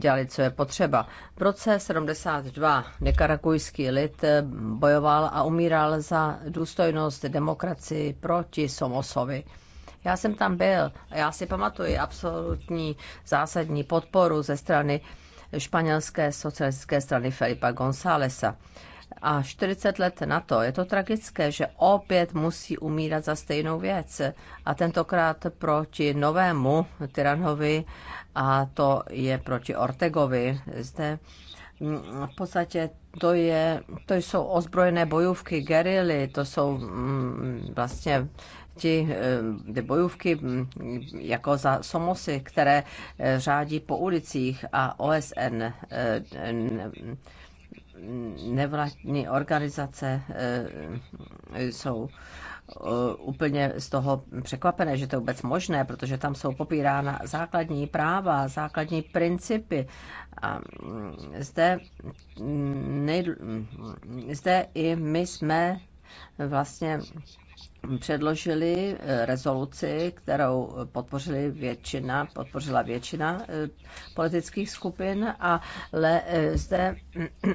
dělali, co je potřeba. V roce 72 nekarakujský lid eh, bojoval a umíral za důstojnost demokracii proti Somosovi. Já jsem tam byl a já si pamatuji absolutní zásadní podporu ze strany španělské socialistické strany Felipa Gonzálesa. A 40 let na to je to tragické, že opět musí umírat za stejnou věc. A tentokrát proti novému tyranovi, a to je proti Ortegovi. Zde mm, v podstatě to, je, to jsou ozbrojené bojůvky, gerily, to jsou mm, vlastně ti, eh, ty bojůvky mm, jako za Somosy, které eh, řádí po ulicích a OSN eh, nevlastní organizace eh, jsou eh, úplně z toho překvapené, že to je vůbec možné, protože tam jsou popírána základní práva, základní principy. A mm, zde, mm, nej, mm, zde i my jsme vlastně předložili eh, rezoluci, kterou podpořili většina, podpořila většina eh, politických skupin, a ale eh, zde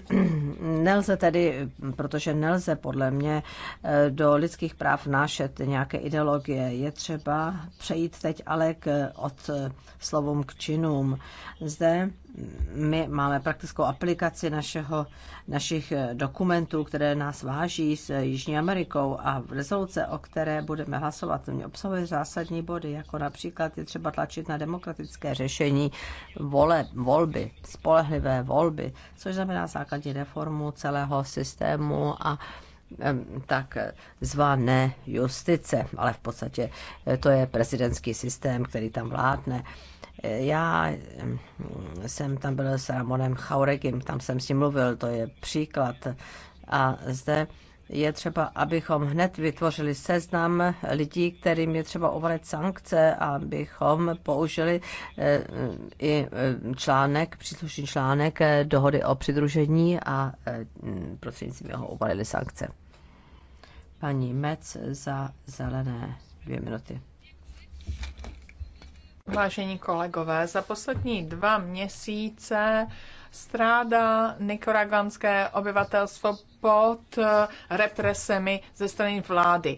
[CLEARS THROAT] nelze tedy, protože nelze podle mě do lidských práv nášet nějaké ideologie. Je třeba přejít teď ale k, od slovům k činům. Zde my máme praktickou aplikaci našeho, našich dokumentů, které nás váží s Jižní Amerikou a v rezoluce, o které budeme hlasovat, to mě obsahuje zásadní body, jako například je třeba tlačit na demokratické řešení vole, volby, spolehlivé volby, což znamená základní reformu celého systému a tak zvané justice, ale v podstatě eh, to je prezidentský systém, který tam vládne. Eh, já jsem tam byl s Ramonem Chauregim, tam jsem s ním mluvil, to je příklad. A zde je třeba, abychom hned vytvořili seznam lidí, kterým je třeba uvalit sankce, abychom použili eh, i eh, článek, příslušný článek eh, dohody o přidružení a prostřednictvím jeho uvalili sankce. Paní Mec za zelené dvě minuty. Vážení kolegové, za poslední dva měsíce strádá nikoraganské obyvatelstvo pod eh, represemi ze strany vlády.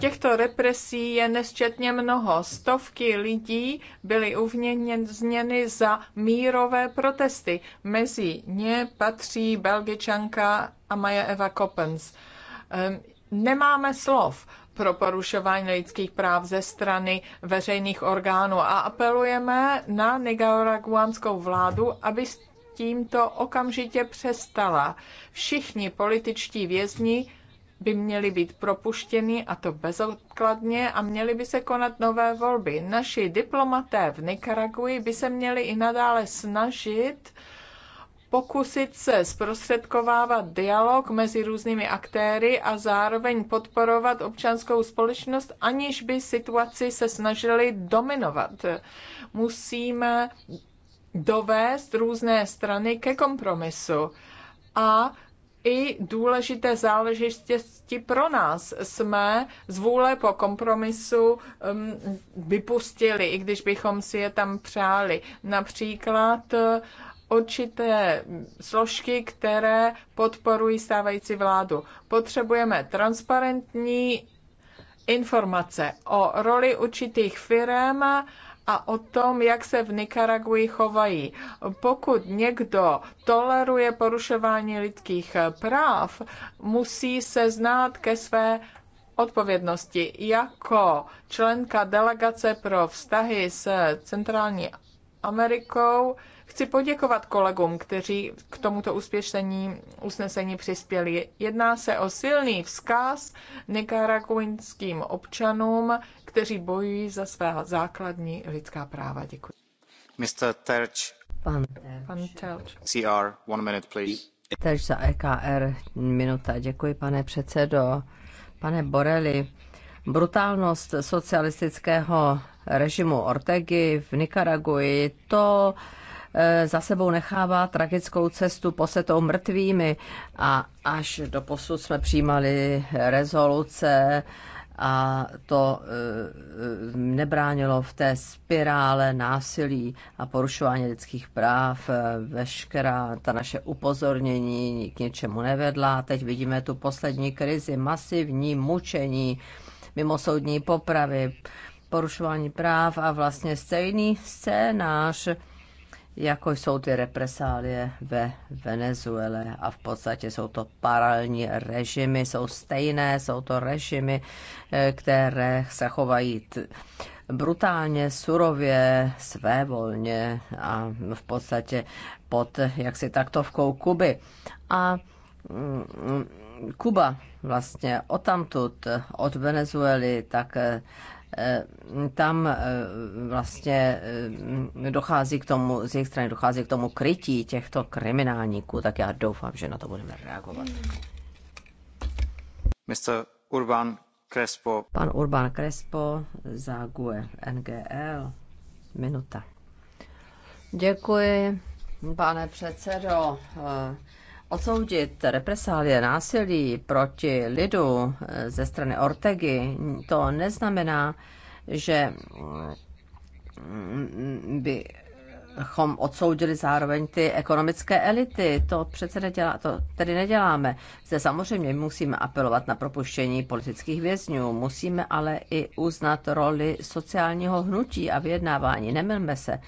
Těchto represí je nesčetně mnoho. Stovky lidí byly uvězněny za mírové protesty. Mezi ně patří belgičanka a Maja Eva Kopens. Ehm, nemáme slov pro porušování lidských práv ze strany veřejných orgánů a apelujeme na nicaraguánskou vládu, aby tímto okamžitě přestala. Všichni političtí vězni by měli být propuštěni a to bezodkladně a měly by se konat nové volby. Naši diplomaté v Nikaragui by se měli i nadále snažit pokusit se zprostředkovávat dialog mezi různými aktéry a zároveň podporovat občanskou společnost, aniž by situaci se snažili dominovat. Musíme dovést různé strany ke kompromisu. A i důležité záležitosti pro nás jsme z vůle po kompromisu um, vypustili, i když bychom si je tam přáli. Například uh, určité složky, které podporují stávající vládu. Potřebujeme transparentní informace o roli určitých firm, a o tom, jak se v Nikaraguji chovají. Pokud někdo toleruje porušování lidských práv, musí se znát ke své odpovědnosti. Jako členka delegace pro vztahy s Centrální Amerikou chci poděkovat kolegům, kteří k tomuto úspěšení, usnesení přispěli. Jedná se o silný vzkaz nikaraguinským občanům, kteří bojují za své základní lidská práva. Děkuji. Mr. Terč. Pan, Pan Terč. CR, one minute, please. Terč za EKR, minuta. Děkuji, pane předsedo. Pane Boreli, brutálnost socialistického režimu Ortegy v Nikaraguji, to eh, za sebou nechává tragickou cestu posetou mrtvými a až do posud jsme přijímali rezoluce a to eh, eh, nebránilo v té spirále násilí a porušování lidských práv. Eh, veškerá ta naše upozornění k něčemu nevedla. Teď vidíme tu poslední krizi, masivní mučení, mimosoudní popravy, porušování práv a vlastně stejný scénář jako jsou ty represálie ve Venezuele a v podstatě jsou to paralelní režimy, jsou stejné, jsou to režimy, eh, které se chovají brutálně, surově, svévolně a v podstatě pod jaksi taktovkou Kuby. A mm, mm, Kuba vlastně odtamtud, eh, od Venezuely, tak eh, Eh, tam eh, vlastně eh, dochází k tomu, z jejich strany dochází k tomu krytí těchto kriminálníků, tak já doufám, že na to budeme reagovat. Mr. Urban Crespo. Pan Urban Crespo za GUE NGL. Minuta. Děkuji, pane předsedo. Odsoudit represálie násilí proti lidu eh, ze strany Ortegy, to neznamená, že mm, bychom odsoudili zároveň ty ekonomické elity. To přece nedělá, to tedy neděláme. Zde samozřejmě musíme apelovat na propuštění politických vězňů, musíme ale i uznat roli sociálního hnutí a vyjednávání. Nemilme se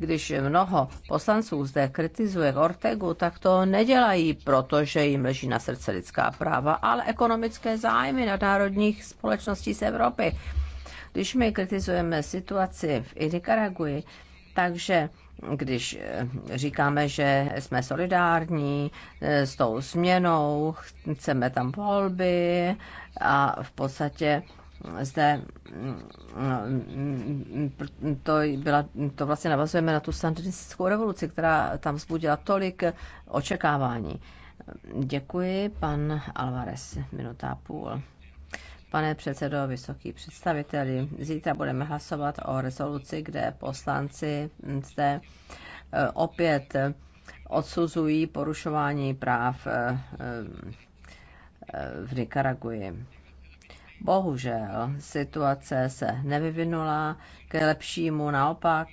když mnoho poslanců zde kritizuje Ortegu, tak to nedělají, protože jim leží na srdce lidská práva, ale ekonomické zájmy nadnárodních společností z Evropy. Když my kritizujeme situaci v Nicaraguji, takže když eh, říkáme, že jsme solidární eh, s tou změnou, chceme tam volby a v podstatě zde mm, mm, to, byla, to vlastně navazujeme na tu sandinistickou revoluci, která tam vzbudila tolik očekávání. Děkuji, pan Alvarez, minuta a půl. Pane předsedo, vysoký představiteli, zítra budeme hlasovat o rezoluci, kde poslanci zde eh, opět odsuzují porušování práv eh, eh, v Nikaraguji Bohužel situace se nevyvinula ke lepšímu, naopak,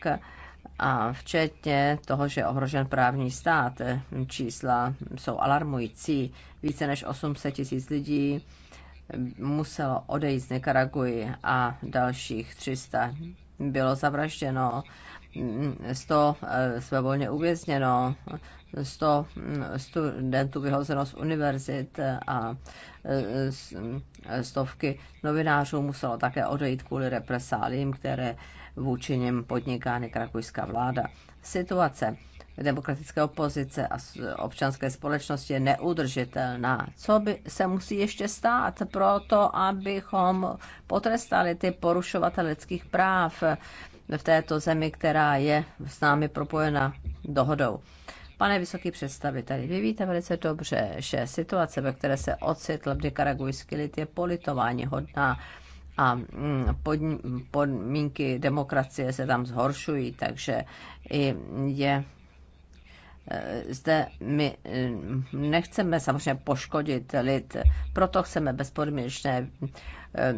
a včetně toho, že je ohrožen právní stát. Čísla jsou alarmující. Více než 800 tisíc lidí muselo odejít z Nikaraguji a dalších 300 bylo zavražděno 100 eh, svobodně uvězněno, 100 mm, studentů vyhozeno z univerzit a eh, eh, stovky novinářů muselo také odejít kvůli represálím, které vůči něm podniká nekrakujská vláda. Situace demokratické opozice a občanské společnosti je neudržitelná. Co by se musí ještě stát pro to, abychom potrestali ty porušovatele lidských práv? v této zemi, která je s námi propojena dohodou. Pane vysoký představiteli, vy víte velice dobře, že situace, ve které se ocitl v nikaragujský lid, je politování hodná a mm, podmínky demokracie se tam zhoršují, takže je Eh, zde my eh, nechceme samozřejmě poškodit lid, proto chceme bezpodmínečné eh,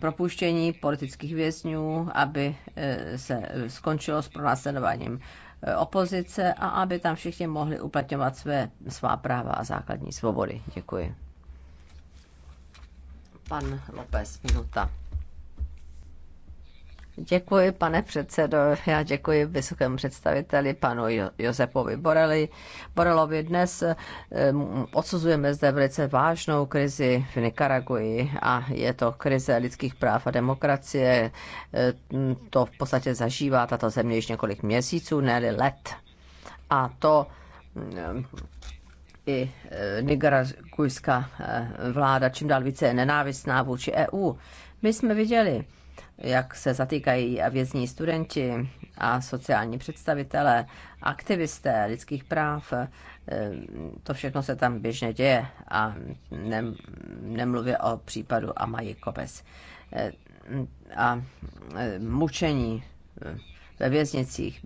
propuštění politických vězňů, aby se skončilo s pronásledováním opozice a aby tam všichni mohli uplatňovat své, svá práva a základní svobody. Děkuji. Pan López, minuta. Děkuji, pane předsedo. Já děkuji vysokému představiteli panu Josepovi Boreli. Borelovi dnes eh, odsuzujeme zde velice vážnou krizi v Nikaraguji a je to krize lidských práv a demokracie. Eh, to v podstatě zažívá tato země již několik měsíců, ne let. A to mm, i eh, nicaragujská vláda čím dál více je nenávistná vůči EU. My jsme viděli, jak se zatýkají a vězní studenti a sociální představitelé, aktivisté lidských práv, eh, to všechno se tam běžně děje a ne, nemluvě o případu Amaji Kopes. Eh, a eh, mučení ve věznicích,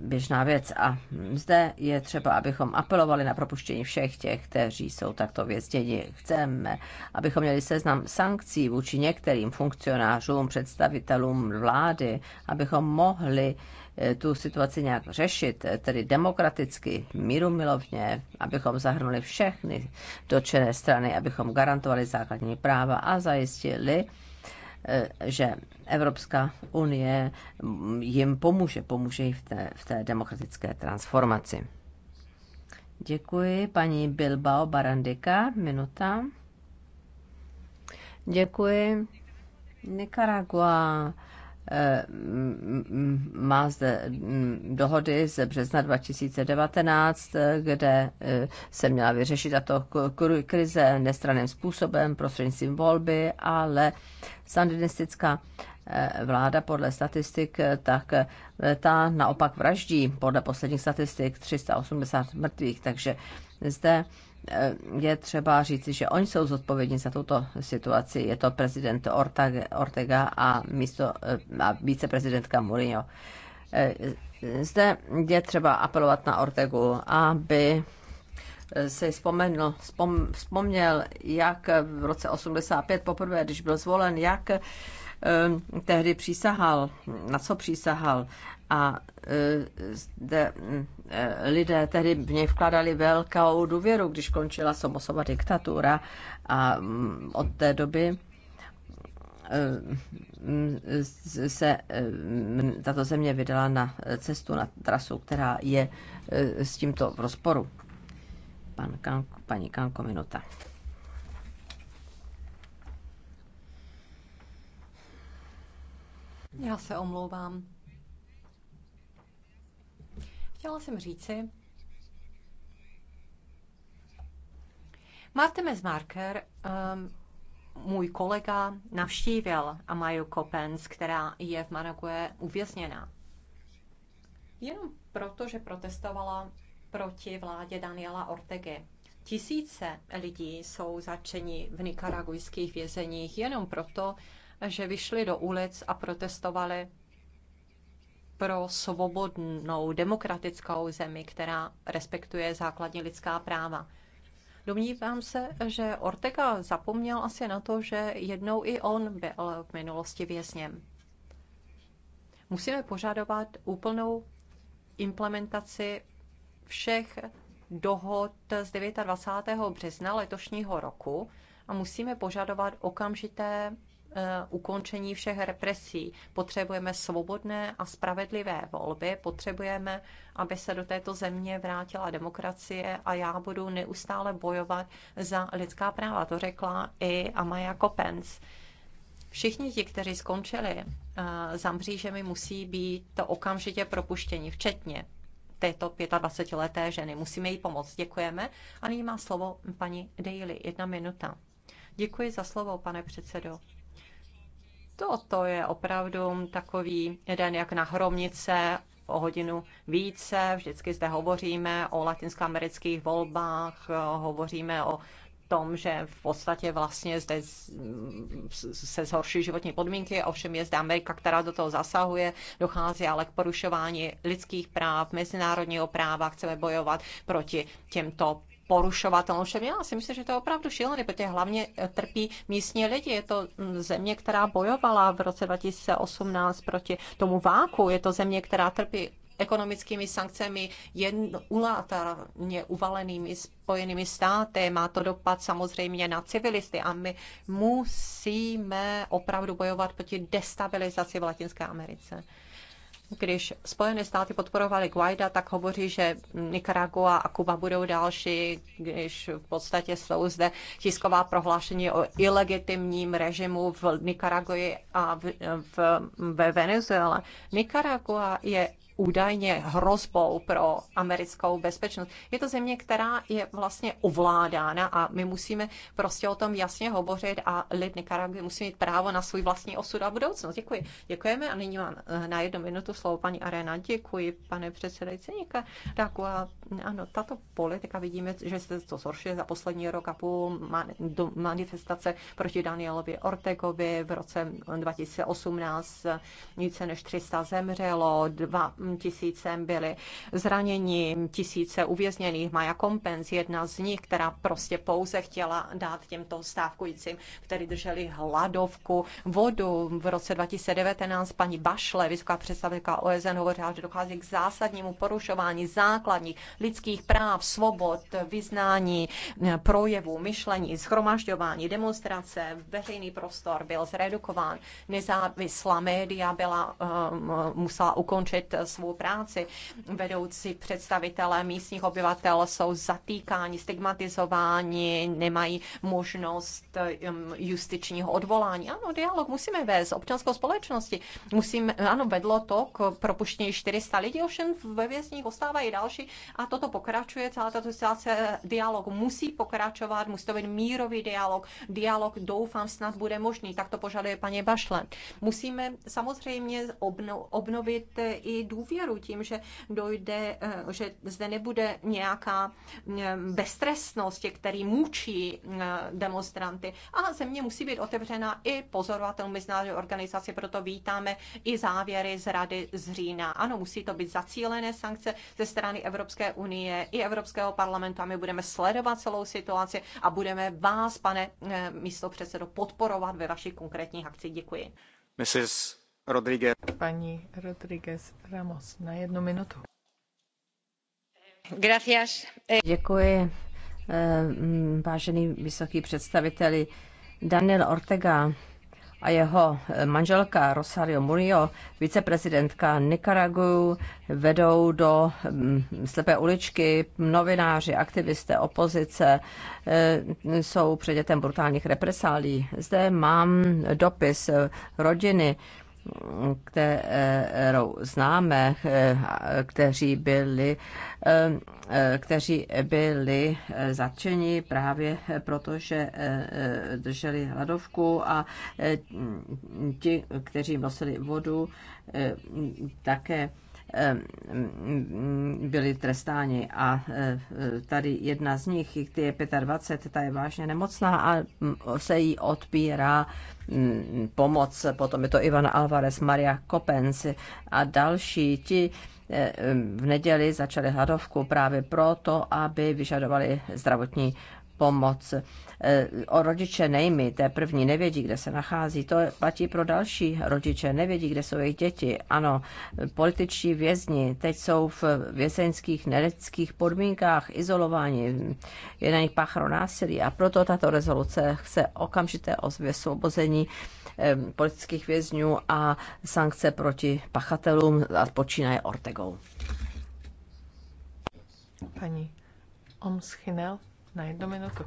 běžná věc. A zde je třeba, abychom apelovali na propuštění všech těch, kteří jsou takto vězněni. Chceme, abychom měli seznam sankcí vůči některým funkcionářům, představitelům vlády, abychom mohli eh, tu situaci nějak řešit, eh, tedy demokraticky, mírumilovně, abychom zahrnuli všechny dočené strany, abychom garantovali základní práva a zajistili, Eh, že Evropská unie jim pomůže, pomůže jim v té, v té demokratické transformaci. Děkuji, paní Bilbao Barandika, minuta. Děkuji. Nicaragua má zde mm, dohody z března 2019, kde e, se měla vyřešit tato krize nestraným způsobem, prostřednictvím volby, ale sandinistická e, vláda podle statistik, e, tak ta naopak vraždí podle posledních statistik 380 mrtvých, takže zde Eh, je třeba říci, že oni jsou zodpovědní za tuto situaci. Je to prezident Ortega a, místo, eh, a viceprezidentka Mourinho. Eh, zde je třeba apelovat na Ortegu, aby se vzpomněl, vzpomněl, jak v roce 85 poprvé, když byl zvolen, jak tehdy přísahal, na co přísahal a e, zde e, lidé tehdy v něj vkladali velkou důvěru, když končila Somosova diktatura a od té doby e, se tato země vydala na cestu, na trasu, která je s tímto v rozporu. Pan Kanko, paní Kanko, minuta. Já se omlouvám chtěla jsem říci, Martin Mesmarker, um, můj kolega, navštívil Amaju Kopens, která je v Marague uvězněna. Jenom proto, že protestovala proti vládě Daniela Ortegy. Tisíce lidí jsou začeni v nikaragujských vězeních jenom proto, že vyšli do ulic a protestovali pro svobodnou, demokratickou zemi, která respektuje základní lidská práva. Domnívám se, že Ortega zapomněl asi na to, že jednou i on byl v minulosti vězněm. Musíme požadovat úplnou implementaci všech dohod z 29. března letošního roku a musíme požadovat okamžité Eh, ukončení všech represí. Potřebujeme svobodné a spravedlivé volby, potřebujeme, aby se do této země vrátila demokracie a já budu neustále bojovat za lidská práva. To řekla i Amaya Kopens. Všichni ti, kteří skončili eh, za mřížemi, musí být to okamžitě propuštěni, včetně této 25-leté ženy. Musíme jí pomoct. Děkujeme. A nyní má slovo paní Daly. Jedna minuta. Děkuji za slovo, pane předsedo. To, to je opravdu takový jeden jak na hromnice o hodinu více. Vždycky zde hovoříme o latinskoamerických volbách, hovoříme o tom, že v podstatě vlastně zde se zhorší životní podmínky, ovšem je zde Amerika, která do toho zasahuje, dochází ale k porušování lidských práv, mezinárodního práva, chceme bojovat proti těmto porušovatelnou. všem, já si myslím, že to je opravdu šílené, protože hlavně eh, trpí místní lidi. Je to hm, země, která bojovala v roce 2018 proti tomu váku. Je to země, která trpí ekonomickými sankcemi unilaterálně uvalenými spojenými státy. Má to dopad samozřejmě na civilisty a my musíme opravdu bojovat proti destabilizaci v Latinské Americe když Spojené státy podporovaly Guaida, tak hovoří, že Nicaragua a Kuba budou další, když v podstatě jsou zde tisková prohlášení o ilegitimním režimu v Nicaragui a v, v, ve Venezuele. Nicaragua je údajně hrozbou pro americkou bezpečnost. Je to země, která je vlastně ovládána a my musíme prostě o tom jasně hovořit a lid Nikaragui musí mít právo na svůj vlastní osud a budoucnost. Děkuji. Děkujeme a nyní mám eh, na jednu minutu slovo paní Arena. Děkuji, pane předsedající. a ano, tato politika vidíme, že se to zhoršuje za poslední rok a půl manifestace proti Danielovi Ortegovi v roce 2018 více než 300 zemřelo, dva tisíce byli zraněni, tisíce uvězněných, Maja Kompenz, jedna z nich, která prostě pouze chtěla dát těmto stávkujícím, kteří drželi hladovku, vodu. V roce 2019 paní Bašle, vysoká představitelka OSN, hovořila, že dochází k zásadnímu porušování základních lidských práv, svobod, vyznání, projevu, myšlení, schromažďování, demonstrace, veřejný prostor byl zredukován, nezávislá média byla, eh, musela ukončit svou práci. Vedoucí představitelé místních obyvatel jsou zatýkáni, stigmatizováni, nemají možnost um, justičního odvolání. Ano, dialog musíme vést s občanskou společností. Musím, ano, vedlo to k propuštění 400 lidí, ovšem ve vězních ostávají další a toto pokračuje, celá tato situace, dialog musí pokračovat, musí to být mírový dialog, dialog doufám snad bude možný, tak to požaduje paní Bašle. Musíme samozřejmě obnovit i důvěru důvěru tím, že dojde, eh, že zde nebude nějaká eh, beztrestnost, který mučí eh, demonstranty. A země musí být otevřená i pozorovatelům mezinárodní organizace, proto vítáme i závěry z Rady z října. Ano, musí to být zacílené sankce ze strany Evropské unie i Evropského parlamentu a my budeme sledovat celou situaci a budeme vás, pane místo předsedo, podporovat ve vašich konkrétních akcích. Děkuji. Mrs. Rodríguez. Paní Rodríguez Ramos, na jednu minutu. Gracias. Děkuji, eh, vážený vysoký představiteli. Daniel Ortega a jeho manželka Rosario Murillo, viceprezidentka Nicaragu, vedou do mm, slepé uličky novináři, aktivisté, opozice, eh, jsou předětem brutálních represálí. Zde mám dopis rodiny kterou známe, kteří byli, kteří byli zatčeni právě proto, že drželi hladovku a ti, kteří nosili vodu, také Ehm, byli trestáni. A eh, tady jedna z nich, ty je 25, ta je vážně nemocná a mm, se jí odpírá mm, pomoc. Potom je to Ivan Alvarez, Maria Kopens a další. Ti eh, ehm, v neděli začali hladovku právě proto, aby vyžadovali zdravotní pomoc. E, o rodiče nejmy, té první nevědí, kde se nachází, to platí pro další rodiče, nevědí, kde jsou jejich děti. Ano, političtí vězni teď jsou v vězeňských nereckých podmínkách, izolování, je na nich páchro násilí a proto tato rezoluce chce okamžité svobození e, politických vězňů a sankce proti pachatelům a počínaje Ortegou. Pani Omschinel na jednu minutu.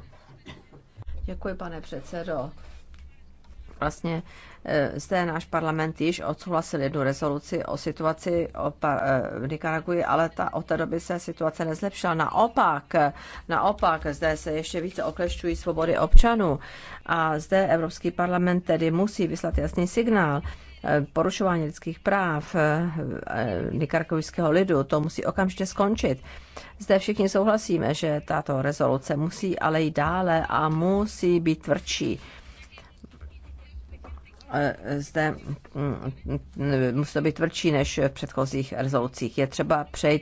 Děkuji, pane předsedo. Vlastně e, zde náš parlament již odsouhlasil jednu rezoluci o situaci e, v Nikaraguji, ale ta, od té doby se situace nezlepšila. Naopak, naopak, zde se ještě více oklešťují svobody občanů a zde Evropský parlament tedy musí vyslat jasný signál porušování lidských práv eh, eh, nikaragujského lidu, to musí okamžitě skončit. Zde všichni souhlasíme, že tato rezoluce musí ale jít dále a musí být tvrdší eh, zde mm, mm, musí to být tvrdší než v předchozích rezolucích. Je třeba přejít